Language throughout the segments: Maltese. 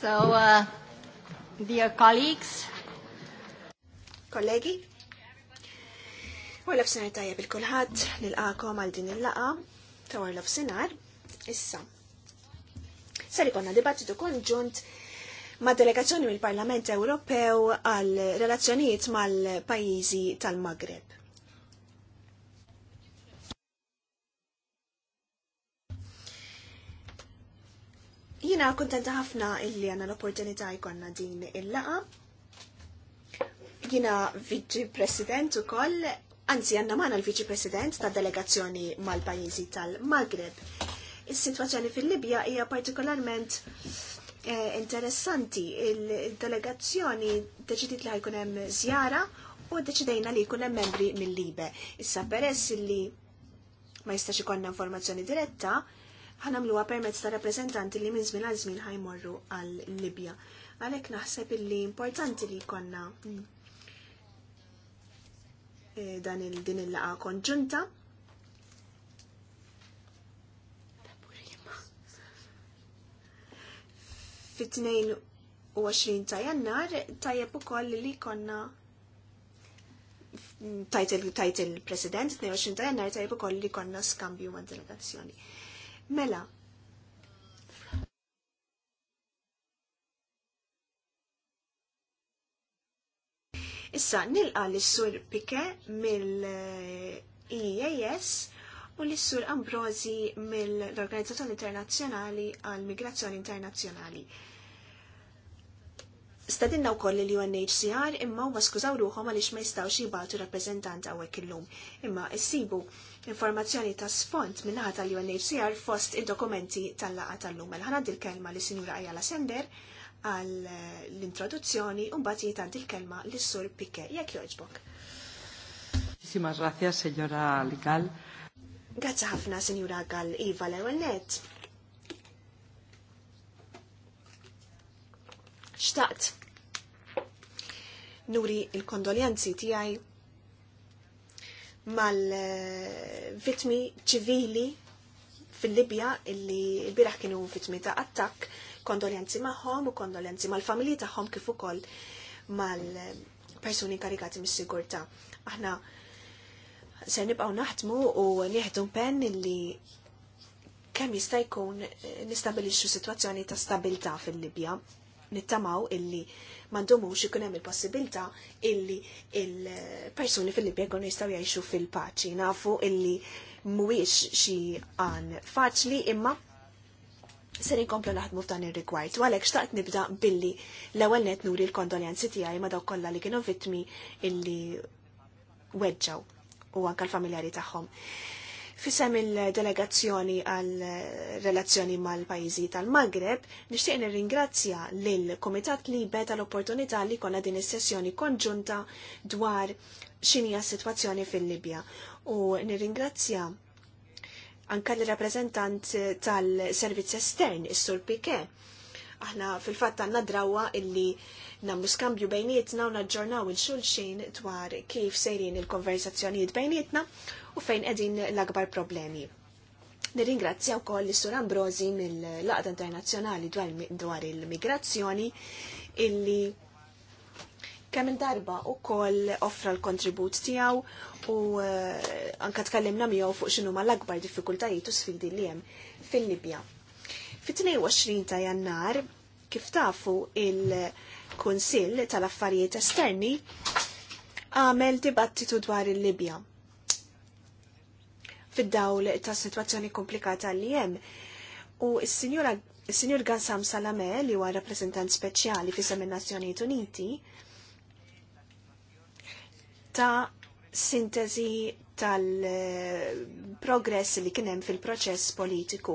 So, uh, dear colleagues, kollegi, u l-absinar tajja bil kulħad nil-għakom għal din il-laqa ta' Warlof Sinar, issa. Sari konna dibattitu konġunt ma' delegazzjoni mill-Parlament Ewropew għal relazzjonijiet mal-pajizi tal-Magreb. Jina kontenta ħafna illi għanna l-opportunità jkonna din il-laqa. Jina viċi president u koll, anzi għanna maħna l-viċi president ta' delegazzjoni mal-pajizi tal-Maghreb. Is-situazzjoni fil-Libja hija partikolarment eh, interessanti. Il-delegazzjoni deċidit li ħajkun hemm żjara u deċidejna li jkun hemm membri mill-Libe. Issa peress li ma jistax ikonna informazzjoni diretta, ħanamluha permezz ta' rappreżentanti li minn żmien għal żmien ħajmorru għal Libja. Għalhekk naħseb li importanti li jkollna mm, e, dan il-din il-laqa konġunta fit-22 ta' jannar tajjeb ukoll li konna mm, title il-president 22 ta' jannar tajjeb ukoll li konna skambju ma' delegazzjoni. Mela, Issa, nilqa l-sur Pike mill-EAS u l-sur Ambrosi mill-Organizzazzjoni Internazzjonali għal Migrazzjoni Internazzjonali. Stadinna wkoll li UNHCR imma huma skużaw ruħom għaliex ma jistgħux rappresentant għawek il illum. Imma issibu informazzjoni ta' sfond minnaħa tal-UNHCR fost id-dokumenti tal-laqa tal-lum. il mela, ħana dil kelma li sinjura Ajala Sender għal introduzzjoni u mbagħad jitant dil kelma lis sur Pike. Jekk jogħġbok. Muchísimas gracias, señora Ligal. Grazzi ħafna, sinjura Gall, Iva Lewennet. Xtaqt, nuri il-kondoljanzi tiegħi mal-vitmi ċivili fil-Libja illi l-biraħ kienu vitmi ta' attakk, kondoljanzi magħhom u kondoljanzi mal-familji tagħhom kif ukoll mal-persuni karikati mis-sigurtà. Aħna se nibqaw naħdmu u nieħdu pen illi kemm jista' jkun nistabilixxu sitwazzjoni ta' stabilità fil-Libja. Nittamaw illi mandomux ikun hemm il-possibilità illi il-persuni fil-Libja jkunu jistgħu jgħixu fil-paċi. Nafu illi mhuwiex xi għan faċli imma ser inkomplu naħdmu f'dan ir-rigward. U għalhekk xtaqt nibda billi l-ewwel net nuri l-kondoljanzi tiegħi ma' dawk kollha li kienu vittmi illi weġġaw u anke l-familjari tagħhom. Fisem il-delegazzjoni għal relazzjoni mal-pajizi tal magreb nishtiq nirringrazzja lill-Komitat beta l opportunità li konna din is-sessjoni konġunta dwar xinija s-situazzjoni fil-Libja. U nirringrazzja anka l-rappresentant tal-servizz estern, is-Sur Pike. Aħna fil-fatt għandna drawa illi namlu skambju bejnietna u naġġornaw il-xulxin dwar kif sejrin il-konversazzjonijiet bejnietna u fejn qegħdin l-akbar problemi. Nirringrazzja wkoll l-Sur Ambrosi mill-Laqda Internazzjonali dwar il-Migrazzjoni illi kemm darba u koll offra l-kontribut tijaw u uh, eh, anka tkallimna miegħu fuq x'inhu ma l-akbar diffikultajiet u sfidi li hemm fil-Libja. Fit-22 ta' Jannar, kif tafu il-Kunsill tal-Affarijiet Esterni għamel dibattitu dwar il-Libja fid-dawl ta' situazzjoni komplikata li hemm. U s sinjur Gansam Salame li huwa rappreżentant speċjali fi semin Nazzjonijiet Uniti ta' sintesi tal-progress li kien hemm fil-proċess politiku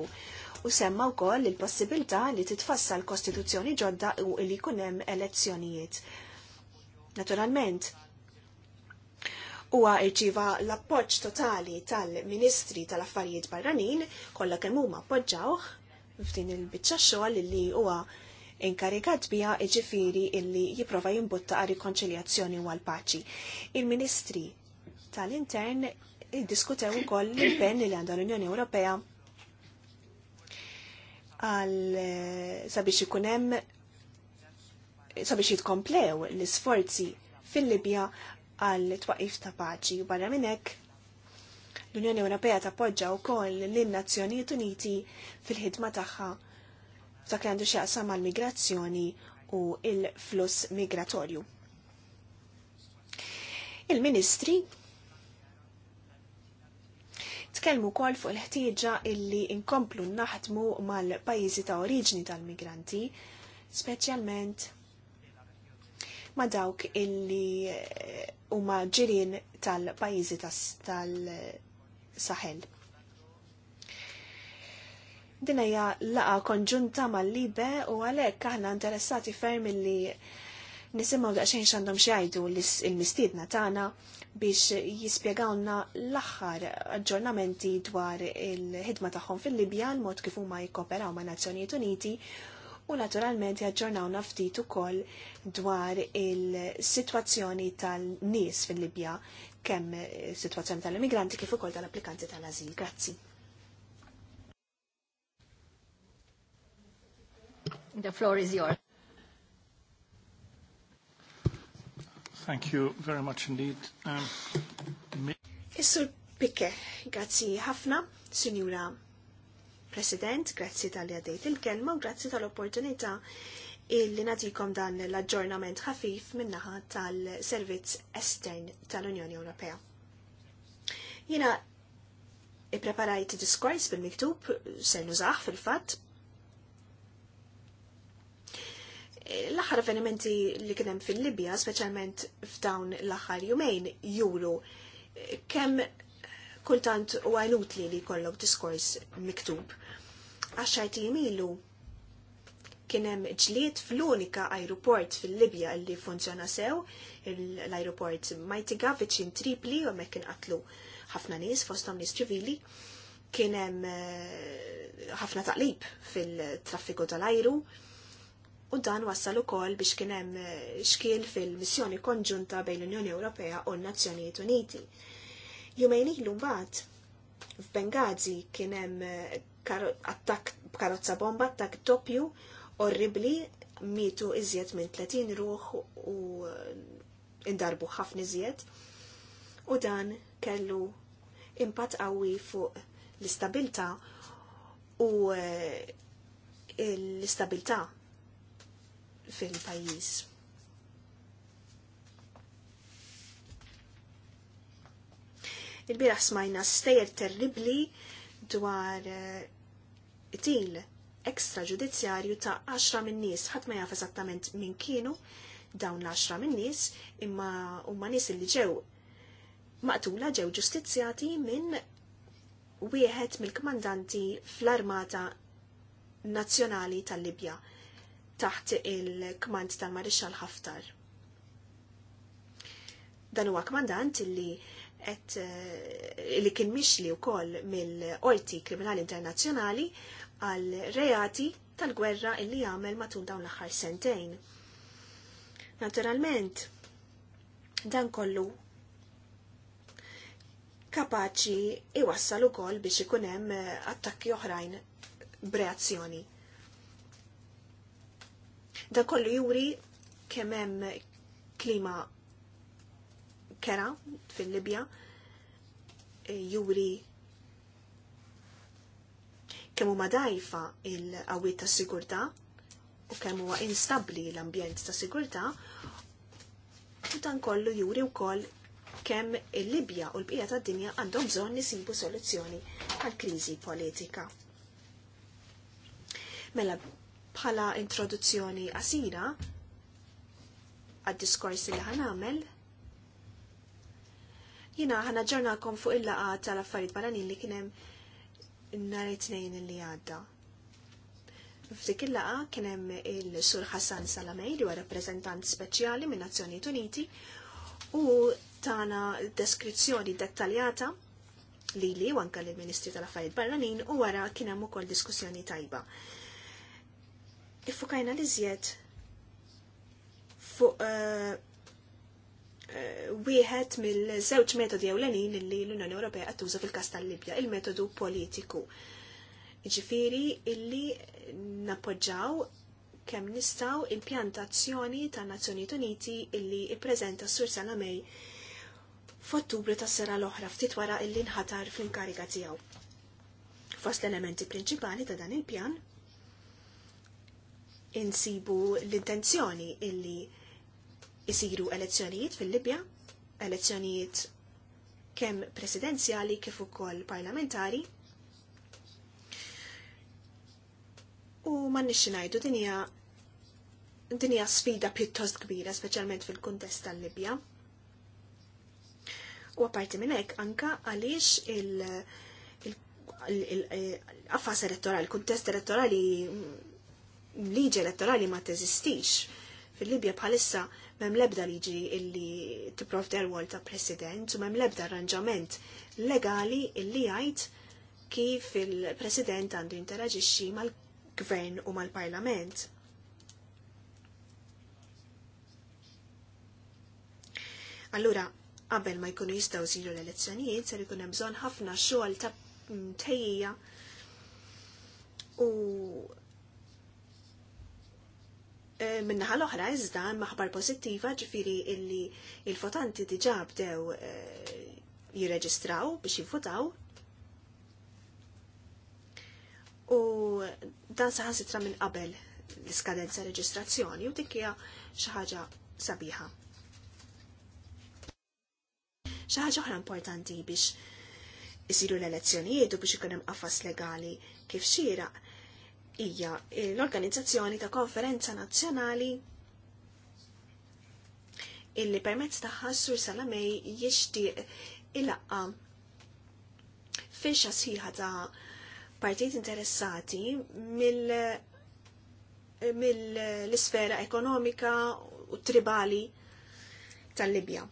u semma wkoll il-possibilità li titfassal kostituzzjoni ġodda u li jkun hemm elezzjonijiet. Naturalment, huwa rċiva l-appoġġ totali tal-Ministri tal-Affarijiet Barranin kollha kemm huma appoġġawh f'din il-biċċa xogħol li huwa inkarikat biha ġifiri illi jipprova jimbutta għal rikonċiljazzjoni u għal-paċi. Il-Ministri tal-Intern iddiskutew ukoll l-impenn li għandha l-Unjoni Ewropea għal sabiex ikun hemm sabiex jitkomplew l-isforzi fil-Libja għal twaqif ta' paċi u barra minnek l-Unjoni Ewropea tappoġġa wkoll lin-Nazzjonijiet Uniti fil-ħidma tagħha ta' għandu x'jaqsam mal-migrazzjoni u il-fluss migratorju. Il-Ministri tkellmu kol fuq il-ħtieġa illi inkomplu naħdmu mal-pajjiżi ta' oriġni tal-migranti, speċjalment ma' dawk illi eh, huma ġirien tal-pajjiżi tal-Saħel. Din hija laqa konġunta mal-Libe u għalhekk aħna interessati ferm illi nisimgħu daqsxejn xandom xajdu l mistiedna tagħna biex jispjegawna l-aħħar aġġornamenti dwar il-ħidma tagħhom fil-Libja l-mod kif huma jikkoperaw ma' Nazzjonijiet Uniti u naturalment jaġġornawna ftit ukoll dwar il-sitwazzjoni tal-nies fil-Libja kemm is-sitwazzjoni tal-immigranti kif ukoll tal-applikanti tal-azil. Grazzi. The floor is yours. Thank you very much indeed. Um, Issur Pike, grazzi ħafna, Sinjura President, grazzi tal-li għadejt il-kelma u grazzi tal-opportunità illi natikom dan l-aġġornament ħafif minnaħa tal-Servizz Estern tal-Unjoni Ewropea. Jina i-preparajt diskors bil-miktub, ser nużax fil-fat, l-aħħar avvenimenti li kienem fil-Libja, speċjalment f'dawn l-aħħar jumejn, juru kemm kultant u għajnutli li kollok diskors miktub għaxħajt ilu kien hemm ġlied fl-unika ajruport fil-Libja li funzjona sew, l-ajruport Majtiga viċin Tripli u kien għatlu ħafna nies fosthom nies ċivili, kien hemm eh, ħafna taqlib fil-traffiku tal-ajru u dan wassal ukoll biex kien hemm eh, xkiel fil-missjoni konġunta bejn l-Unjoni Ewropea u n-Nazzjonijiet Uniti. Jumejn ilu mbagħad f'Bengazi kien hemm eh, attak karozza bomba, attak doppju, orribli, mitu iżjed minn 30 ruħ u eh, indarbu ħafna iżjed. U dan kellu impatt qawwi fuq l-istabilta u eh, l-istabilta fil-pajjiż. il biraħ smajna stejjer terribli dwar eh, til ekstra ġudizzjarju ta' 10 min nies ħadd ma jaf eżattament min kienu dawn l-10 min nies imma huma nies li ġew maqtula ġew ġustizzjati minn wieħed mill-kmandanti fl-Armata Nazzjonali tal-Libja taħt il-kmand tal-Marixxal Haftar. Dan huwa kmandant li et, eh, li kien mixli u koll mill-Orti Kriminali Internazzjonali għal reati tal-gwerra illi jagħmel matul dawn l-aħħar sentejn. Naturalment, dan kollu kapaċi iwassal ukoll biex ikun hemm eh, attakki oħrajn b'reazzjoni. Dan kollu juri kemm hemm klima kera fil-Libja e, juri kemm huma dajfa il-qawwiet ta' sigurtà u kemm huwa instabbli l-ambjent ta' sigurtà u dan kollu juri wkoll kemm il-Libja u l-bqija tad-dinja għandhom bżonn nisibu soluzzjoni għal kriżi politika. Mela bħala introduzzjoni għasira għad-diskors li ħanamel Jina ħana ġornakom fuq il-laqa tal-affarijiet barranin li kienem nhar it-tnejn li għadda. F'dik il-laqa kienem il-Sur Hassan Salamej li huwa rappreżentant speċjali minn Nazzjonijiet Uniti u tana deskrizzjoni dettaljata li li u anka l-Ministri tal-Affarijiet Barranin u wara kien hemm ukoll diskussjoni tajba. Iffukajna li zjed fuq uh, wieħed mill-żewġ metodi ewlenin li l-Unjoni Ewropea qed tuża fil-każ tal-Libja, il-metodu politiku. jiġifieri illi nappoġġaw kemm nistgħu impjantazzjoni ta' Nazzjonijiet Uniti illi ippreżenta s-Sur Salamej f'Ottubru tas-sena l-oħra ftit wara illi nħatar fl-inkariga tiegħu. Fost l-elementi prinċipali ta' dan il-pjan insibu l-intenzjoni illi isiru elezzjonijiet fil-Libja, elezzjonijiet kemm presidenzjali kif ukoll parlamentari. U m'għandniex ngħidu din hija din hija sfida pjuttost kbira, speċjalment fil-kuntest tal-Libja. U apparti minn hekk anka għaliex il- l-affas elettorali, kuntest elettorali, liġi elettorali ma teżistix. Fil-Libja bħalissa mem lebda liġi illi t-prof derwol ta' president u mem lebda arranġament legali illi jgħid kif il-president għandu interaġixxi mal-gvern u mal-parlament. Allura, qabel ma jkunu jistgħu jsiru l-elezzjonijiet ser jkun hemm bżonn ħafna xogħol ta' tejjija u minnaħa l-oħra iżda maħbar pozittiva ġifiri illi il-votanti diġa bdew eh, jirreġistraw biex jivvotaw. U dan saħan sitra minn qabel l-iskadenza reġistrazzjoni u dikja xaħġa sabiħa. ħaġa oħra importanti biex isiru l-elezzjonijiet u biex ikun hemm qafas legali kif xieraq hija l-organizzazzjoni ta' konferenza nazzjonali illi permezz ta' ħassur Salamej jixtieq laqqa firxa sħiħa ta' partijt interessati mill mill-sfera ekonomika u tribali tal-Libja.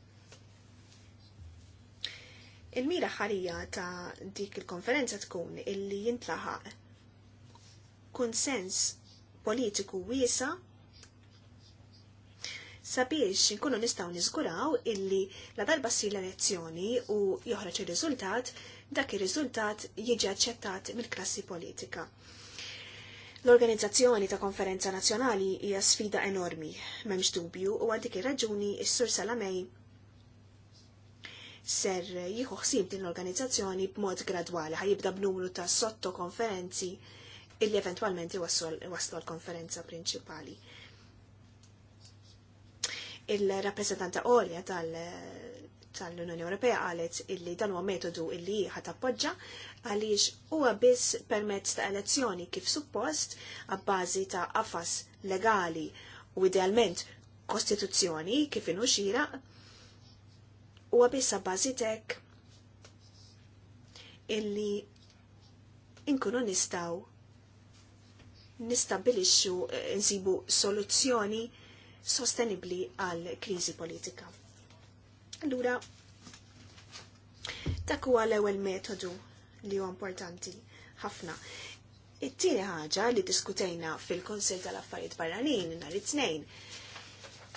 Il-mira ħarija ta' dik il-konferenza tkun illi jintlaħaq Konsens politiku wiesa sabiex nkunu nistaw niżguraw illi la darba si l-elezzjoni u joħroġ ir-riżultat, dak ir-riżultat jiġi aċċettat mill-klassi politika. L-organizzazzjoni ta' konferenza nazzjonali hija sfida enormi, m'hemmx dubju u għal dik ir-raġuni s-Sur Salamej ser jieħu ħsieb din l-organizzazzjoni b'mod gradwali ħajibda b'numru ta' sottokonferenzi konferenzi illi eventualment waslu l-konferenza prinċipali. Il-rappresentanta Olja tal-Unjoni Ewropea qalet illi dan huwa metodu illi ħat appoġġa għaliex huwa biss permezz ta' elezzjoni kif suppost għabbażi ta' qafas legali u idealment kostituzzjoni kif inhu xira huwa biss għabbażi tek illi inkunu nistaw nistabilixxu eh, nsibu soluzzjoni sostenibli għal kriżi politika. Allura, dak huwa l-ewwel metodu li huwa importanti ħafna. It-tieni ħaġa li diskutejna fil-Kunsill tal-Affarijiet Barranin nhar it-tnejn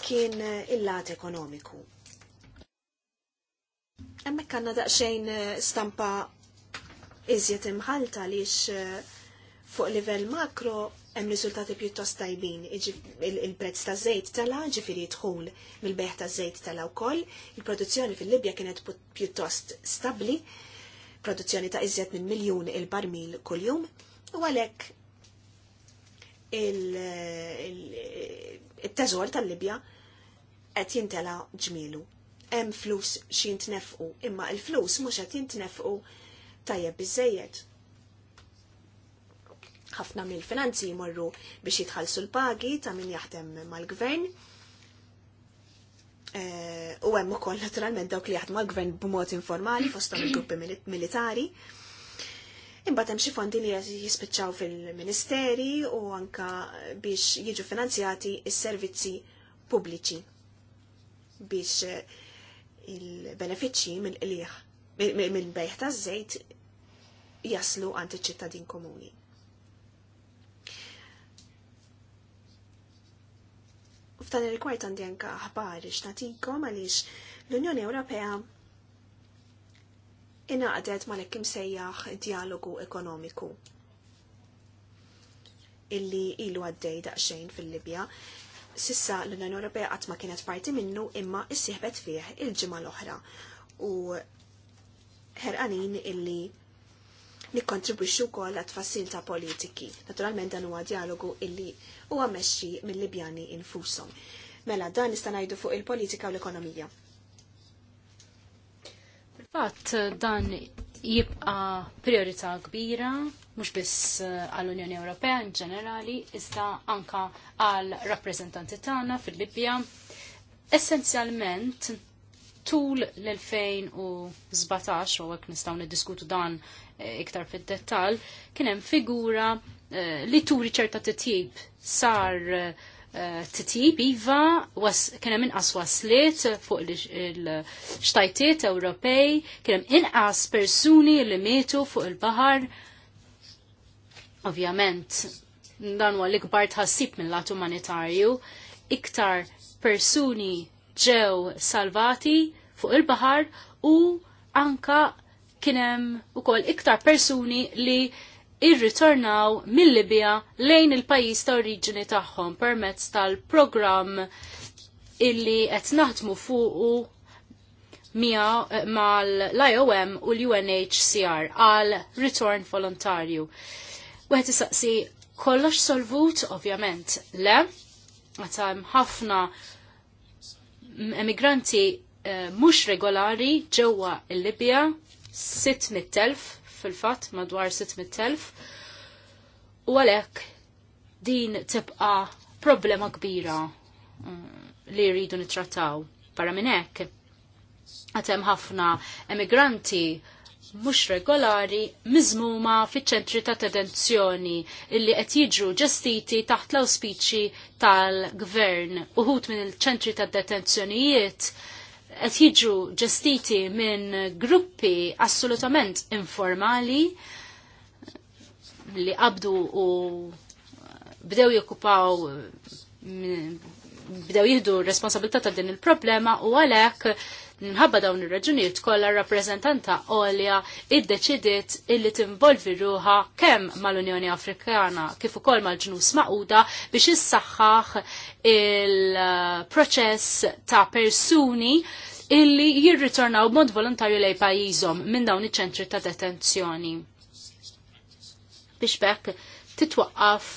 kien eh, il-lat ekonomiku. Hemmhekk għandna daqsxejn eh, stampa iżjed imħalta għaliex fuq livell makro hemm riżultati pjuttost tajbin. Il-prezz ta' żejt tela ġifieri jidħul mill-beħ ta' żejt tela wkoll, il-produzzjoni fil-Libja kienet pjuttost stabbli, produzzjoni ta' iżjed minn miljun il-barmil kuljum, u għalhekk il-teżor tal-Libja qed jintela ġmielu. Hemm flus xi jintnefqu, imma il-flus mhux qed jintnefqu tajjeb biżejjed ħafna mill-finanzi jmorru biex jitħallsu l-pagi ta' min jaħdem mal-gvern. Eh, u hemm ukoll naturalment dawk li jaħdmu mal gvern b'mod informali fostom il-gruppi militari. Imbagħad hemm xi fondi li jispiċċaw fil-ministeri u anka biex jiġu finanzjati s-servizzi pubbliċi biex eh, il-benefiċċji mill-qliħ mill-bejħ taż-żejt jaslu għand iċ-ċittadin komuni. F'dan ir-rigward għandi anke aħbar x'natikom għaliex l-Unjoni Ewropea inaqdet ma lekk imsejjaħ dialogu ekonomiku illi ilu għaddej daqsxejn fil-Libja. Sissa l-Unjoni Ewropea qatt ma kienet parti minnu imma issieħbet fih il-ġimgħa l-oħra u ħerqanin illi nikkontribwixxu wkoll għat-tfassil ta' politiki. Naturalment dan huwa dialogu illi huwa mexxi mill-Libjani infushom. Mela dan nista' ngħidu fuq il-politika u l-ekonomija. Fil-fatt dan jibqa' priorità kbira mhux biss eh, għall-Unjoni Ewropea in ġenerali, iżda anka għal rappreżentanti tagħna fil-Libja. Essenzjalment tul l-2017 u għek nistaw niddiskutu dan Eh, iktar fid-dettal, kien hemm figura eh, li turi ċerta titjib sar eh, titjib iva kien hemm inqas waslet fuq il-xtajtiet Ewropej, kien hemm inqas persuni li mietu fuq il-baħar. Ovvjament, dan huwa l-ikbar tħassib mill-lat umanitarju, iktar persuni ġew salvati fuq il-baħar u anka kienem u kol iktar persuni li irritornaw mill-Libja lejn il-pajis ta' oriġini tagħhom permezz tal-programm illi qed naħdmu fuqu mal-IOM u l-UNHCR għal return volontarju. Weħti saqsi kollox solvut, ovvjament, le, għatam ħafna emigranti mux eh, mhux regolari ġewwa l-Libja 600.000 fil-fatt madwar 600.000 u għalhekk din tibqa' problema kbira mm, li rridu nitrattaw. Barra minn hekk għatem ħafna emigranti mhux regolari miżmuma fiċ-ċentri ta' detenzjoni illi qed jiġru ġestiti taħt l-auspiċi tal-gvern. Uħut minn il-ċentri ta' detenzjonijiet qed jiġu ġestiti minn gruppi assolutament informali li qabdu u bdew jokkupaw bdew jihdu responsabilità ta' din il-problema u għalhekk Nħabba dawn ir-raġunijiet kollha rappreżentanta għolja iddeċidiet illi tinvolvi ruha kemm mal-Unjoni Afrikana kif ukoll mal-ġnus maquda biex issaħħaħ il-proċess ta' persuni illi jirritornaw b'mod volontarju lej pajjiżhom minn dawn iċ-ċentri ta' detenzjoni. Biex bekk titwaqqaf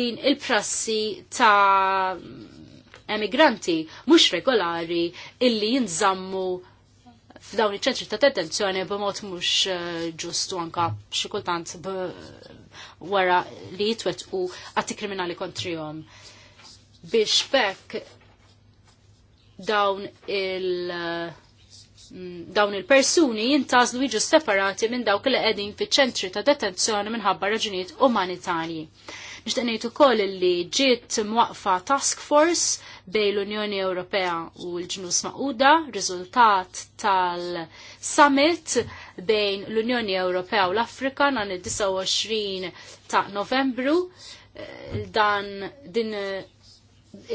din il-prassi ta' emigranti mhux regolari illi jinżammu f'dawn iċ-ċentri ta' detenzjoni b'mod mhux eh, ġustu anka xikultant wara li jitwettqu atti kriminali kontrihom. Biex bekk dawn il- mm, dawn il-persuni jintazlu jiġu separati minn dawk li qegħdin fiċ-ċentri ta' detenzjoni minħabba raġunijiet umanitarji. Nixtieq ngħid ukoll li ġiet mwaqfa task force bejn l-Unjoni Ewropea u l-ġnus Maquda, riżultat tal-summit bejn l-Unjoni Ewropea u l-Afrika nan id-29 ta' Novembru eh, dan din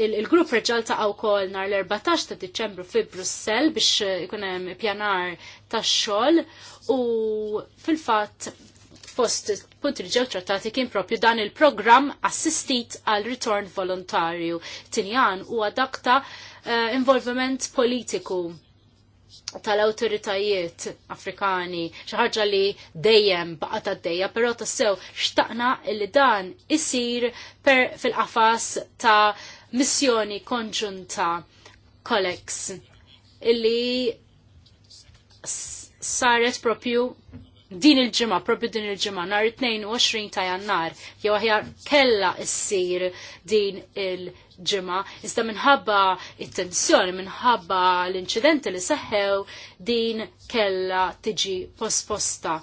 il-grupp reġal ta' kol nar l-14 ta' Diċembru fi Brussel biex ikunem pjanar ta' xol u fil-fat fost punt li ġew trattati kien propju dan il-programm assistit għal ritorn volontarju. Tinjan huwa dak ta' uh, eh, involvement politiku tal-autoritajiet afrikani, xaħġa li dejjem baqa ta' dejja, pero ta' sew xtaqna li dan isir per fil-qafas ta' missjoni konġunta kolex illi saret propju din il-ġimgħa, propju din il-ġimgħa nhar 22 ta' Jannar, jew aħjar kella ssir din il-ġimgħa, iżda minħabba it-tensjoni, minħabba l-inċidenti li seħħew din kella tiġi posposta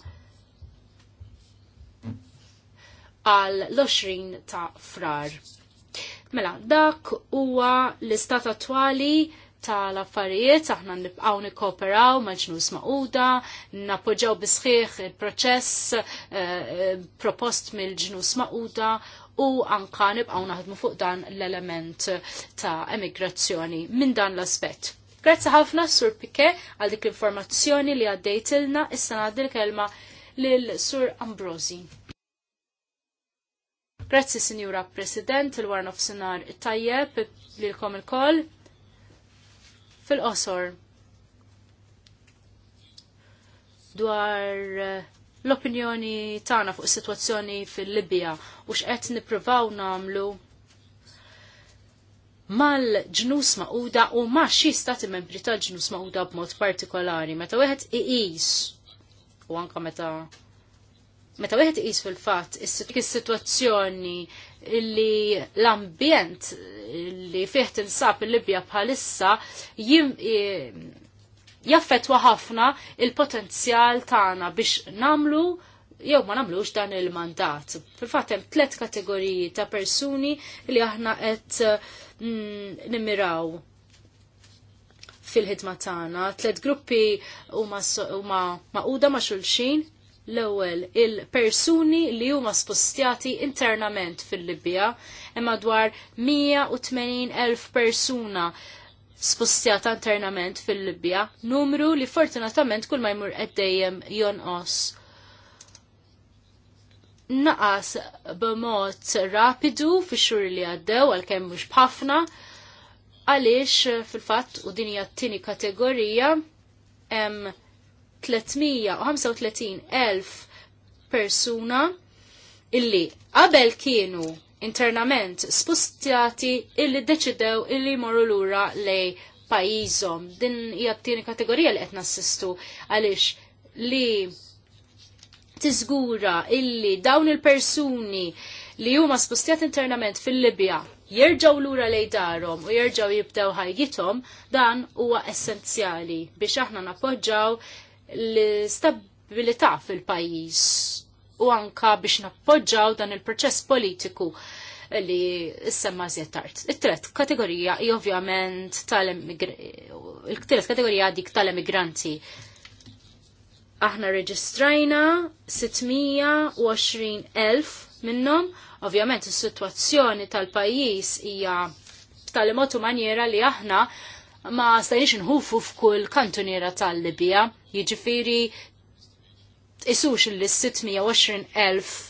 għal l-20 ta' frar. Mela, dak huwa l-istat attwali tal-affarijiet, aħna nibqaw nikkooperaw mal-ġnus maquda, nappoġġaw bisħiħ il-proċess eh, eh, propost mill-ġnus maquda u anka nibqaw naħdmu fuq dan l-element ta' emigrazzjoni minn dan l-aspett. Grazzi ħafna Sur Pike għal dik l-informazzjoni li għaddejtilna issa ngħaddi l-kelma lil Sur Ambrosi. Grazzi Sinjura President, il-Warn of Sinar tajjeb lilkom il-koll fil-qosor dwar eh, l-opinjoni tagħna fuq is-sitwazzjoni fil-Libja u x'qed nippruvaw nagħmlu mal-ġnus maquda u ma xi stati membri tal-ġnus maquda b'mod partikolari. Meta wieħed iqis u anka meta meta wieħed iqis fil-fatt is-sitwazzjoni li l-ambjent li fih tinsab il-Libja bħalissa jaffetwa ħafna il-potenzjal tagħna biex namlu jew ma namlux dan il-mandat. Fil-fatt hemm tliet kategoriji ta' persuni li aħna qed mm, nimiraw fil-ħidma tagħna. Tliet gruppi huma maquda ma' xulxin l-ewwel il-persuni li huma spostjati internament fil-Libja imma dwar 180,000 persuna spostjata internament fil-Libja, numru li fortunatament kull ma jmur qed dejjem jonqos naqas b'mod rapidu fi xhur li għaddew għalkemm mhux b'ħafna għaliex fil-fatt u din hija t-tieni kategorija hemm 335.000 persuna illi qabel kienu internament spustjati illi deċidew illi moru lura lej pajizom. Din hija t-tieni kategorija li qed nassistu għaliex li tiżgura illi dawn il-persuni li huma spustjati internament fil-Libja jirġaw lura lej darhom u jirġaw jibdew ħajjithom dan huwa essenzjali biex aħna nappoġġaw l istabilità fil-pajis u anka biex nappoġġaw dan il-proċess politiku li s-semma tard. It-tret kategorija i ovvjament tal il kategorija dik tal-emigranti. Aħna reġistrajna 620.000 minnom, ovvjament is-sitwazzjoni tal-pajis hija tal imotu manjera li aħna ma stajniex nħufu f'kull kantuniera tal-Libja, jiġifieri isux il-620,000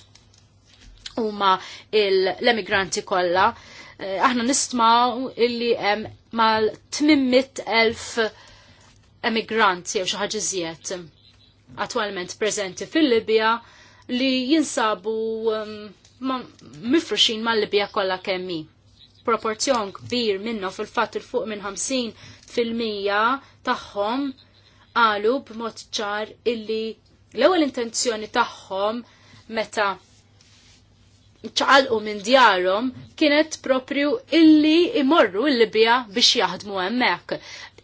huma l-emigranti kollha. Eh, aħna nistmaw illi hemm mal-800,000 emigranti jew xi ħaġa iżjed attwalment preżenti fil-Libja li jinsabu um, mifruxin mal-Libja kollha kemm proporzjon kbir minnhom fil-fatt il fuq minn 50 fil-mija tagħhom qalu b'mod ċar illi l-ewwel intenzjoni tagħhom meta ċaqalqu minn djarhom kienet propju illi imorru l-Libja biex jaħdmu hemmhekk.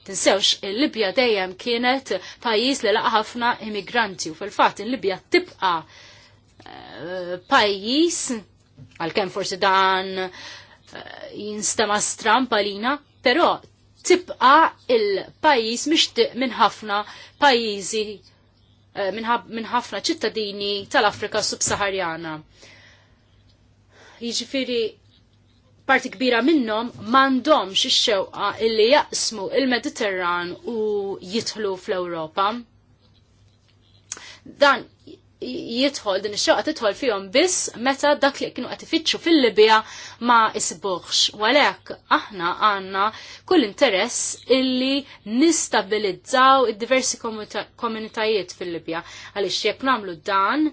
Tinsewx, il-Libja dejjem kienet pajjiż li laqa ħafna immigranti u fil-fatt il-Libja tibqa' eh, pajjiż għalkemm forsi dan jinstema stramp għalina, però tibqa il-pajis mixtieq minn ħafna pajjiżi eh, minn ħafna ċittadini tal-Afrika subsaharjana. Jiġifieri parti kbira minnhom m'għandhomx ix-xewqa illi jaqsmu il-Mediterran u jidħlu fl-Ewropa. Dan jidħol din ix-xoqa tidħol fihom biss meta dak li kienu qed ifittxu fil-Libja ma isbuħx. Walek aħna għandna kull interess illi nistabilizzaw id-diversi komunitajiet fil-Libja għaliex jekk nagħmlu dan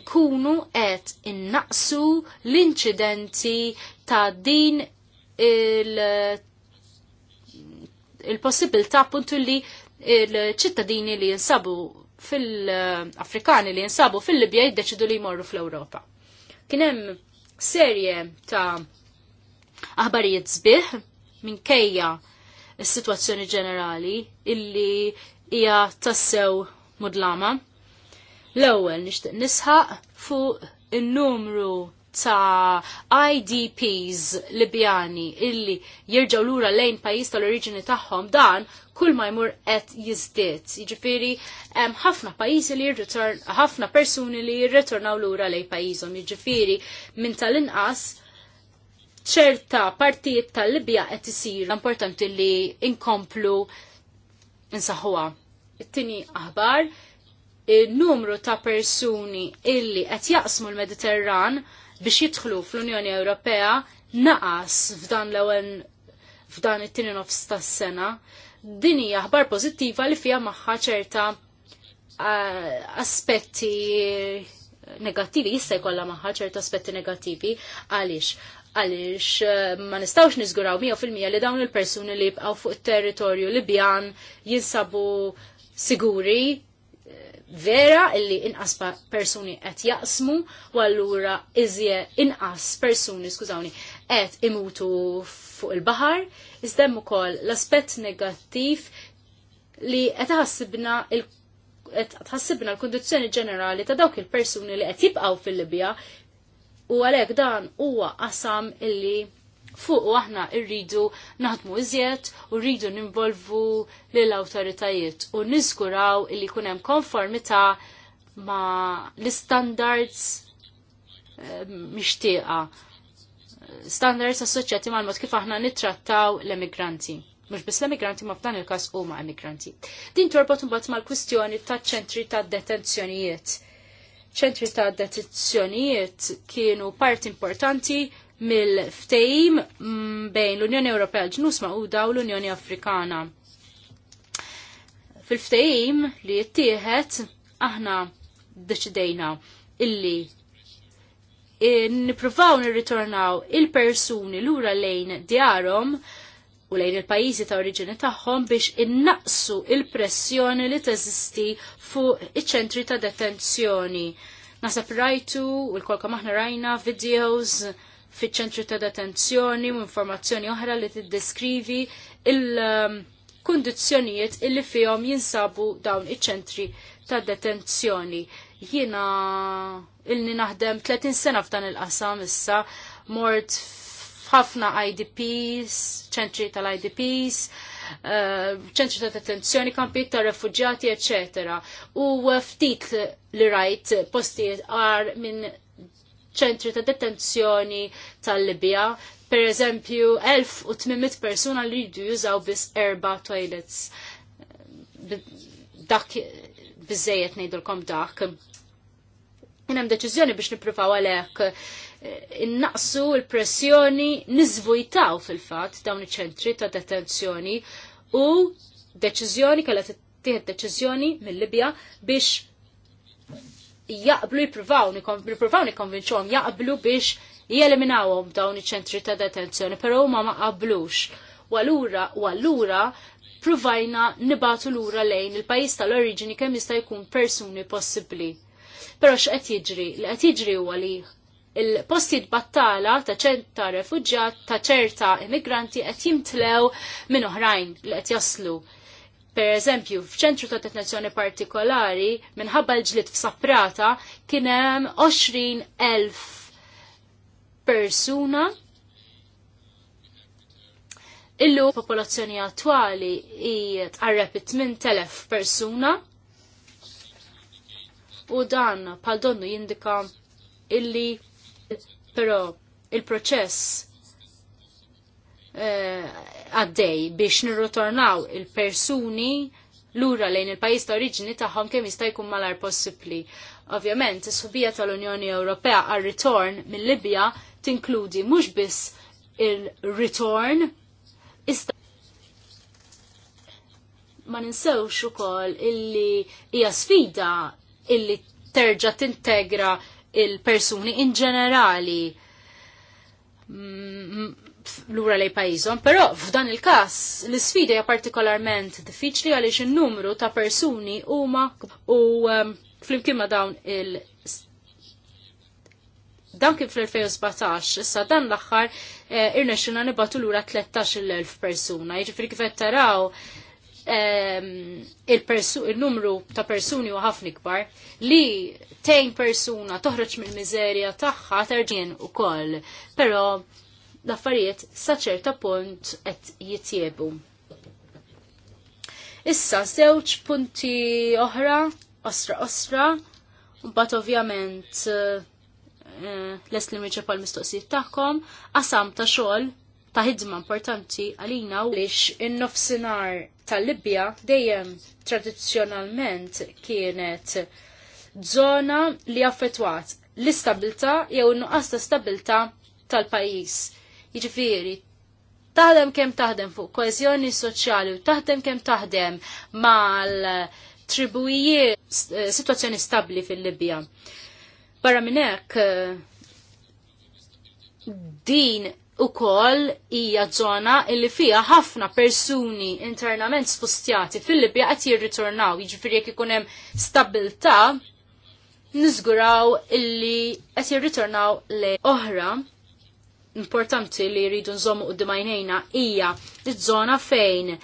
nkunu qed innaqsu l-inċidenti ta' din il- il possibilta appuntu li il-ċittadini li jinsabu fil-Afrikani li jinsabu fil-Libja jiddeċidu li jmorru fl-Ewropa. Kienem serje ta' aħbarijiet zbih minkejja s-situazzjoni ġenerali illi hija tassew mudlama. L-ewwel nixtieq nisħaq fuq in-numru ta' IDPs Libjani illi jirġaw lura lejn pajis tal-oriġini tagħhom dan kull ma jmur qed jiżdied. Jiġifieri hemm ħafna pajjiżi li ħafna persuni li jirritornaw lura lejn pajjiżhom. Jiġifieri minn tal-inqas ċerta partijiet tal-Libja qed isir importanti li inkomplu insaħħuha. It-tieni aħbar il-numru ta' persuni illi qed jaqsmu l-Mediterran biex jidħlu fl-Unjoni Ewropea naqas f'dan l-ewwel f'dan it-tieni nofs tas-sena. Din hija aħbar pożittiva li fiha magħha ċerta aspetti negattivi, jista' jkollha magħha ċerta aspetti negattivi għaliex għaliex eh, ma nistawx niżguraw 100% li dawn il-persuni li jibqgħu fuq it-territorju Libjan jinsabu siguri vera illi inqas persuni qed jaqsmu u allura iżje inqas persuni skużawni qed imutu fuq il-baħar iżda hemm ukoll l-aspett negattiv li qed ħassibna il tħassibna l-kondizzjoni ġenerali ta' dawk il-persuni li qed jibqgħu fil-Libja u għalhekk dan huwa qasam illi fuq u aħna rridu naħdmu iżjed u rridu ninvolvu lill-awtoritajiet u niżguraw li jkun hemm konformità ma' l-standards eh, mixtieqa standards assoċjati mal-mod kif aħna nittrattaw l-emigranti mux biss l-emigranti ma f'dan il-kas u ma emigranti. Din torbot mbagħad mal-kwistjoni ta' ċentri ta' detenzjonijiet. ċentri ta' detenzjonijiet kienu part importanti mill ftejm mm, bejn l-Unjoni Ewropea ġnus maquda u l-Unjoni Afrikana. fil ftejm li jittieħed aħna deċidejna illi nipruvaw nirritornaw il-persuni lura lejn djarhom u lejn il-pajjiżi ta' oriġini tagħhom biex innaqsu il-pressjoni li teżisti fuq iċ-ċentri ta' detenzjoni. Nasab rajtu u l-kolka maħna rajna videos fiċ-ċentru ta' detenzjoni u informazzjoni oħra li tiddeskrivi il-kundizzjonijiet illi fihom jinsabu dawn iċ-ċentri ta' detenzjoni. Jiena illi naħdem 30 sena f'dan il-qasam issa mort f'ħafna IDPs, ċentri tal-IDPs, eh, ċentri ta' detenzjoni, kampijiet ta' refugjati, eccetera. U ftit li rajt postijiet għar minn ċentri ta' detenzjoni tal-Libja. Per eżempju, 1800 persuna li jridu jużaw biss erba toilets. Dak bizzejet nejdulkom dak. Inem deċizjoni biex nippruvaw għalek eh, innaqsu l-pressjoni nizvujtaw fil-fat dawn iċ-ċentri ta' detenzjoni u deċizjoni kellha tittieħed deċizjoni mill-Libja biex jaqblu jipruvaw, jipruvaw nikonvinċuhom jaqblu biex jeliminawhom dawn iċ-ċentri ta' detenzjoni, però huma ma qablux. U allura u pruvajna nibatu lura lejn il-pajjiż tal-oriġini kemm jista' jkun persuni possibbli. Però x'qed jiġri? Li qed jiġri huwa li il-postijiet battala ta' ċerta refuġjat ta' ċerta immigranti qed jimtlew minn oħrajn li qed jaslu Per eżempju, f'ċentru ta' detenzjoni partikolari, minħabba l-ġlit f'Saprata, kienem 20.000 persuna Illu popolazzjoni attuali i tqarrepit minn telef persuna u dan pal donnu jindika illi però il-proċess eh, għaddej biex nirritornaw il-persuni lura lejn il-pajis ta' oriġini tagħhom kemm jista' jkun malar possibbli. Ovvjament, is-subija tal-Unjoni Ewropea għar-ritorn mill Libja tinkludi mhux biss il-ritorn iżda ma ninsewx ukoll illi hija sfida illi terġa' tintegra il-persuni in ġenerali mm, lura lej pajizom, pero f'dan il-kas l-sfida hija partikolarment diffiċli għaliex in-numru ta' persuni huma u um, flimkien ma' dawn il- dan kif fl-2017, issa dan l-axħar eh, nibatu lura 13.000 persuna. Jiġifieri kif qed taraw il-numru ta' persuni u ħafna ikbar li tejn persuna toħroġ mill-miżerja tagħha terġien ukoll. Però l-affarijiet saċerta punt qed jitjiebu. Issa żewġ punti oħra, ostra ostra, mbagħad ovvjament eh, eh, li mirċa pal mistoqsijiet tagħhom, qasam ta' xogħol ta' ħidma importanti għalina u lix in-nofsinhar tal-Libja dejjem tradizzjonalment kienet żona li affettwat l-istabilta jew in-nuqqas ta' stabilta tal-pajjiż. Jiġifieri, taħdem kemm taħdem fuq koezjoni soċjali u taħdem kemm taħdem mal tribujiet eh, situazzjoni stabbli fil-Libja. Barra minn hekk eh, din u koll ija zona illi fija ħafna persuni internament sfustjati fil-Libja għat jirritornaw, jġifiri jek ikunem stabilta, nizguraw illi għat jirritornaw le oħra importanti li rridu nżommu u d-dimajnejna ija iż-żona fejn eh,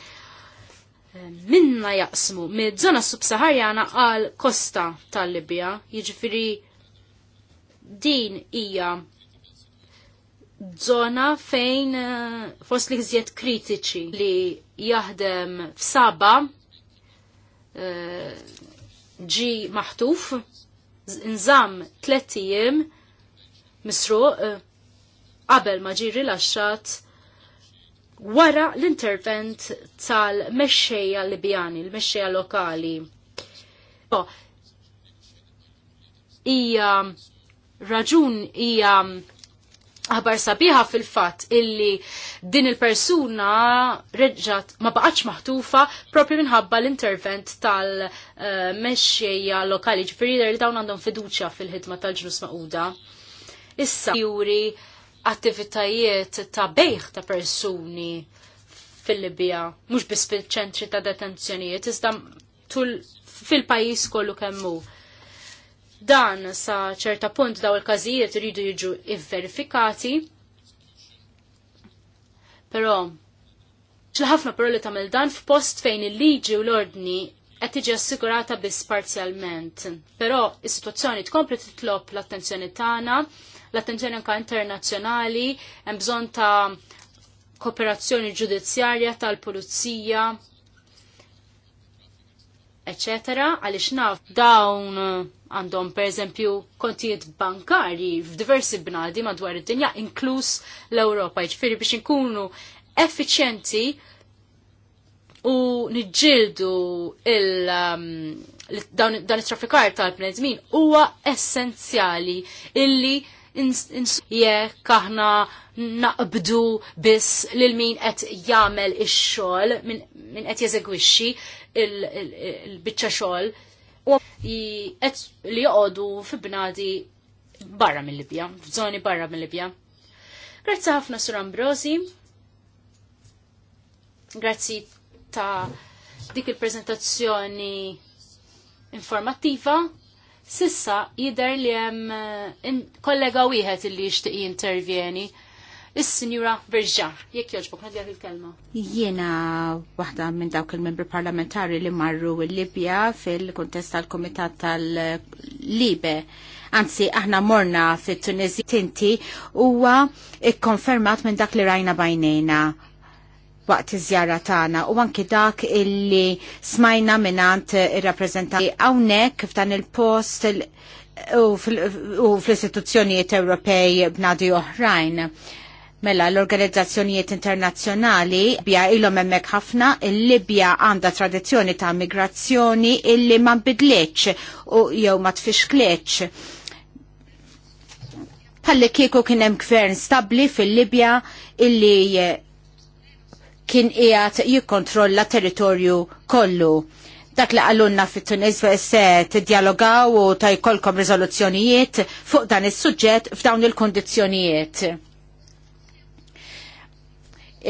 minna jaqsmu mid-żona subsaharjana għal kosta tal-Libja, jġifiri din hija żona fejn eh, fost li gżiet kritiċi li jaħdem f'saba eh, ġi maħtuf nżam tlettijiem misruq qabel ma ġi rilaxxat wara l-intervent tal-mexxejja Libjani, l-mexxejja lokali. Hija raġun hija aħbar sabiħa fil-fatt illi din il-persuna reġġat ma baqax maħtufa propri minħabba l-intervent tal-mexxejja lokali ġifieri dawn għandhom fiduċja fil-ħidma tal-ġnus maquda. Issa juri attivitajiet ta' bejħ ta' persuni fil-Libja, mux bis fil-ċentri ta' detenzjonijiet, iżda fil-pajis kollu kemmu. Dan sa' ċerta punt daw il-kazijiet rridu jiġu verifikati pero ċilħafna pero li tamil dan f'post fejn il-liġi u l-ordni qed tiġi assigurata biss parzjalment. Però is-sitwazzjoni tkompli titlob l-attenzjoni tagħna, l-attenzjoni anke internazzjonali, hemm bżonn ta' kooperazzjoni ġudizzjarja tal-pulizija, eccetera, għaliex naf dawn għandhom pereżempju kontijiet bankarji f'diversi bnadi madwar id-dinja, inkluż l-Ewropa, ġifieri biex inkunu effiċjenti u nġildu um, dan it-traffikar tal-bnedmin huwa essenzjali illi jekk aħna naqbdu biss lil min qed jagħmel ix-xogħol min qed jeżegwixxi il-biċċa xogħol qed li joqogħdu fi bnadi barra mill-Libja, f'żoni barra mill-Libja. Grazzi ħafna Sur Ambrosi. Grazzi ta' dik il-prezentazzjoni informattiva. Sissa jider li hemm eh, kollega wieħed illi jixtieq jintervjeni. Is-Sinjura Verġa, jekk joġbok nadjak il-kelma. Jiena waħda minn dawk il-membri parlamentari li marru l-Libja fil-kontest tal-Komitat tal-Libe anzi aħna morna fit tunizija tinti huwa ikkonfermat minn dak li rajna bajnejna waqt iż-żjara tagħna u anki dak illi smajna minant ir-rappreżentanti hawnhekk f'dan il-post u fl-istituzzjonijiet Ewropej b'nadi oħrajn. Mela l-organizzazzjonijiet internazzjonali bja ilhom hemmhekk ħafna, il-Libja għandha tradizzjoni ta' migrazzjoni illi ma nbidlitx u jew ma tfixklitx. Palli kieku kien hemm gvern stabbli fil-Libja illi kien qiegħed jikkontrolla territorju kollu dak li għallunna fit tunis se t-dialogaw u ta' jkolkom rizoluzzjonijiet fuq dan is suġġett f'dawn il-kondizjonijiet.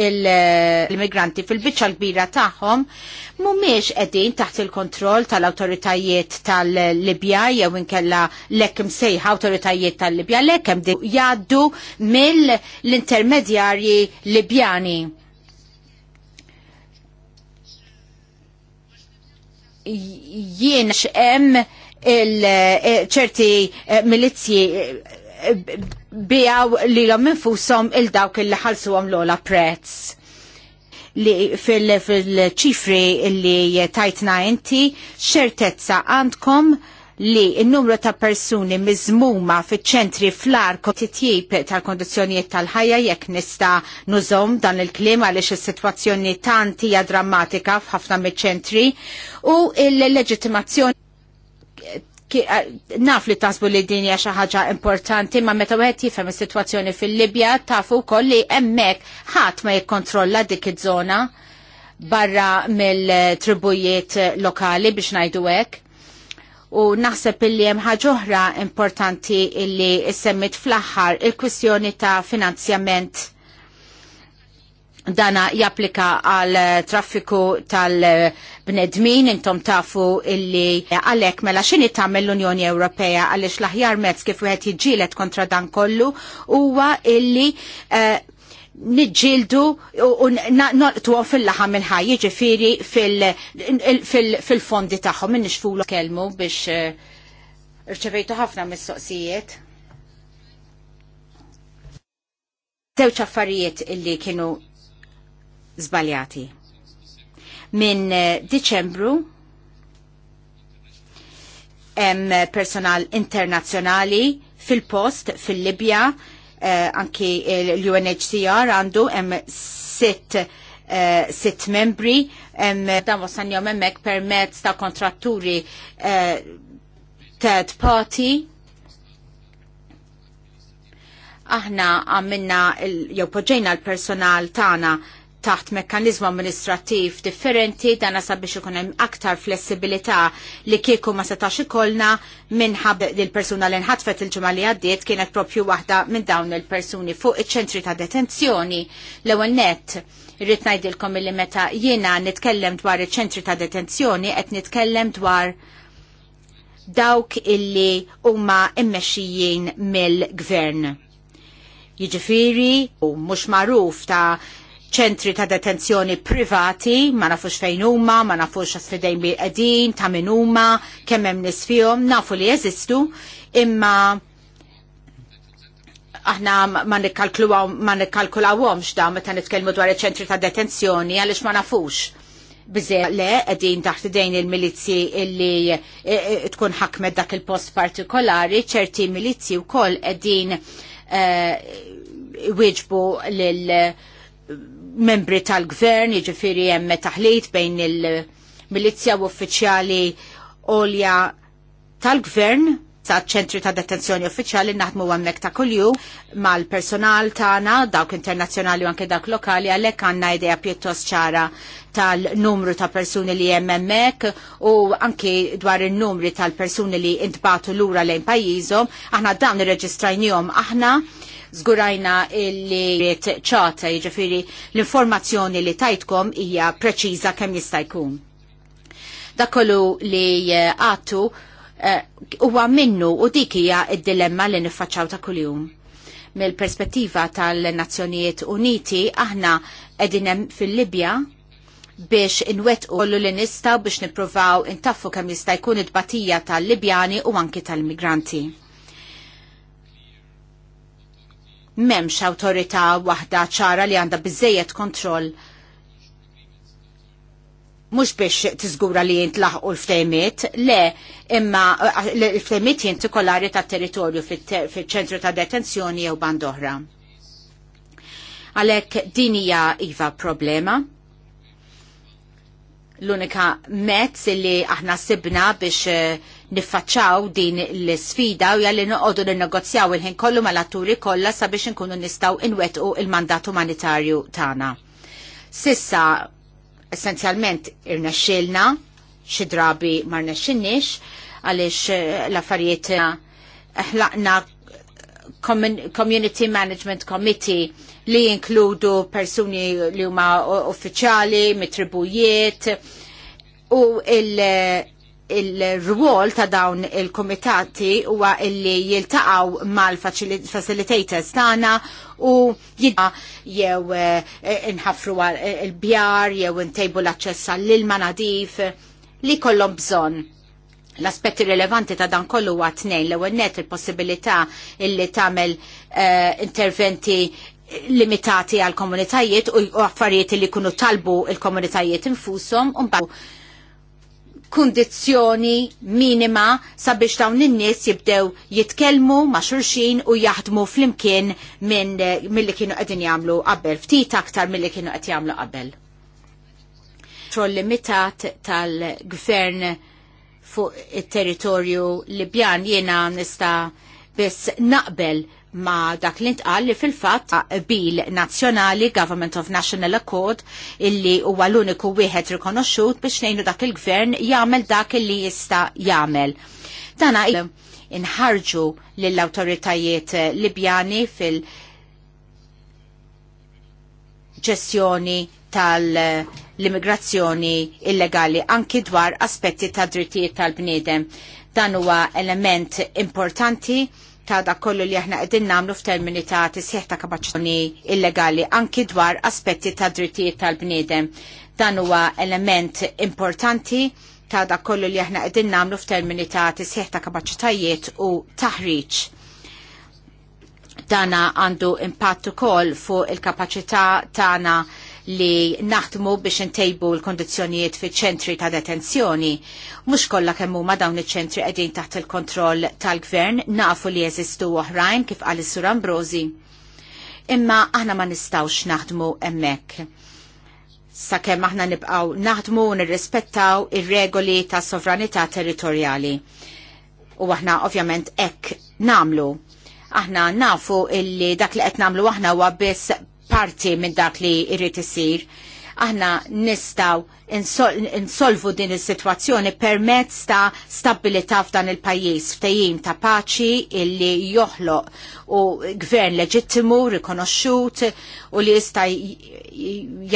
Il-migranti fil-bicċa l-kbira tagħhom mumiex edin taħt il-kontroll tal-autoritajiet tal-Libja jew inkella lekk sejħa autoritajiet tal-Libja lekk hemm jgħaddu mill-intermedjarji Libjani jien xem il-ċerti eh, eh, milizji eh, bijaw li l-om minfusom il-dawk il ħalsu għom l-ola prezz li fil-ċifri li tajtna inti xertezza għandkom li n-numru ta' persuni miżmuma fiċ ċentri flar titjib tal-kondizjonijiet tal-ħajja jekk nista' nużom dan il-klim għaliex is-sitwazzjoni tant hija drammatika f'ħafna miċ-ċentri u l-leġittimazzjoni naf li tasbu li din hija xi ħaġa importanti ma meta wieħed jifhem is-sitwazzjoni fil-Libja tafu ukoll li hemmhekk ħadd ma jikkontrolla dik iż-żona barra mill-tribujiet lokali biex ngħidu hekk U naħseb illi hemm ħaġa oħra importanti illi semmit fl-aħħar il-kwistjoni ta' finanzjament dana japplika għal traffiku tal-bnedmin, intom tafu illi għalek mela xini tamel l-Unjoni Ewropea għalix l-aħjar mezz kif wieħed jiġġielet kontra dan kollu huwa illi uh, nġildu u naqtu fil-laħam il-ħaj, ġifiri fil-fondi taħħom, minn nixfulu kelmu biex eh, rċevejtu ħafna mis-soqsijiet. Zewċ affarijiet illi kienu zbaljati. Minn eh, Diċembru hemm personal internazzjonali fil-post fil-Libja Eh, anki l-UNHCR għandu hemm sitt Uh, eh, sit membri hemm dan wasan jom emmek permezz ta' kontratturi uh, third party aħna għamminna jew poġġejna l-personal tagħna taħt mekkanizmu amministrattiv differenti dan sabiex ikun hemm aktar flessibilità li kieku ma setax ikollna minħab il-persuna li nħatfet il-ġimgħa li għaddiet kienet propju waħda minn dawn il-persuni fuq iċ-ċentri ta' detenzjoni l-ewwel nett irrid ngħidilkom illi meta jiena nitkellem dwar iċ-ċentri ta' detenzjoni qed nitkellem dwar dawk illi huma immexxijin mill-gvern. Jiġifieri u mhux magħruf ta' ċentri ta' detenzjoni privati, ma nafux fejn huma, ma nafux asfidejn bi qegħdin, ta' min huma, kemm hemm nies fihom, nafu li jeżistu, imma aħna ma nikkalkulawhomx da meta nitkellmu dwar iċ-ċentri ta' detenzjoni għaliex ma nafux. Bizzej le qegħdin taħt dejn il-milizzi illi e- e- tkun ħakmet dak il-post partikolari, ċerti milizzi wkoll qegħdin e, wieġbu lil membri tal-gvern, jiġifieri hemm taħlit bejn il-milizja u uffiċjali olja tal-gvern ta' ċentri ta' detenzjoni uffiċjali naħdmu għammek ta' kolju mal-personal tagħna dawk internazzjonali u anke dawk lokali għalhekk għandna idea pjuttost ċara tal-numru ta' persuni li hemm hemmhekk u anke dwar in-numri tal-persuni li intbatu lura lejn pajjiżhom aħna dan irreġistrajniehom aħna zgurajna illi ċata jiġifieri l-informazzjoni li tajtkom hija preċiża kemm jista' jkun. Dakollu li eh, għattu eh, huwa minnu u dik hija d-dilemma li niffaċċaw ta' kuljum. Mill-perspettiva tal-Nazzjonijiet Uniti aħna qegħdin hemm fil-Libja biex inwet u li nistaw biex nippruvaw intaffu kemm jista' jkun it-batija tal-Libjani u anki tal-migranti. memx autorita waħda ċara li għandha bizzejet kontroll mux biex tizgura li jintlaħqu l-ftejmiet, le, imma l-ftejmiet jint kollari ta' territorju fil-ċentru ta' detenzjoni jew bandohra. Għalek dinija iva problema, l-unika mezz li aħna sibna biex eh, niffaċċaw din l-sfida u jalli noqogħdu ninnegozjaw il-ħin kollu mal-atturi kollha sabiex inkunu nistgħu inwetqu il-mandat umanitarju tagħna. Sissa essenzjalment irnexxilna xi drabi ma rnexxinniex għaliex eh, l-affarijiet eh, ħlaqna Community Management Committee li jinkludu persuni li huma uffiċjali, mitribujiet u il- il-rwol ta' dawn il-komitati huwa illi jiltaqgħu mal-facilitators tagħna u jidma jew eh, inħafru il-bjar jew intejbu l-aċċess għall-ilma nadif li kollhom bżonn. L-aspetti rilevanti ta' dan kollu huwa tnejn l-ewwel net il-possibilità illi tagħmel uh, interventi limitati għal komunitajiet u affarijiet li kunu talbu il-komunitajiet infushom u mbagħad kundizzjoni minima sabiex dawn in-nies jibdew jitkellmu ma' xulxin u jaħdmu flimkien minn milli kienu qegħdin jagħmlu qabel, ftit aktar milli kienu qed jagħmlu qabel. Kontroll limitat tal-gvern fuq il-territorju Libjan jiena nista biss naqbel ma dak li ntqal li fil-fatt bil nazzjonali Government of National Accord illi huwa l-uniku wieħed rikonoxxut biex ngħinu dak il-gvern jagħmel dak li jista' jagħmel. Dana inħarġu lill-awtoritajiet Libjani fil- ġestjoni tal-immigrazzjoni illegali anki dwar aspetti ta' drittijiet tal-bniedem. Dan huwa element importanti ta' da kollu li aħna qegħdin nagħmlu f'termini ta' tisjeħ ta' kapaċitoni illegali anki dwar aspetti ta' drittijiet tal-bniedem. Dan huwa element importanti ta' da kollu li aħna qegħdin nagħmlu f'termini ta' tisjeħ ta' kapaċitajiet u taħriġ dana għandu impatt ukoll fuq il-kapaċità tagħna li naħdmu biex intejbu l-kondizjonijiet fi ċentri ta' detenzjoni. Mux kollha kemm huma dawn iċ-ċentri qegħdin taħt il-kontroll tal-gvern nafu li jeżistu oħrajn kif għal sur Ambrosi. Imma aħna ma nistgħux naħdmu hemmhekk. Sakemm aħna nibqgħu naħdmu u nirrispettaw ir-regoli ta' sovranità territorjali. U aħna ovvjament hekk namlu Aħna nafu illi dak li qed nagħmlu aħna huwa biss parti minn dak li jrid isir. Aħna nistgħu insolvu din is-sitwazzjoni permezz ta' stabilità f'dan il-pajjiż, ftehim ta' paċi illi joħloq u gvern leġittimu, rikonoxxut u li jista'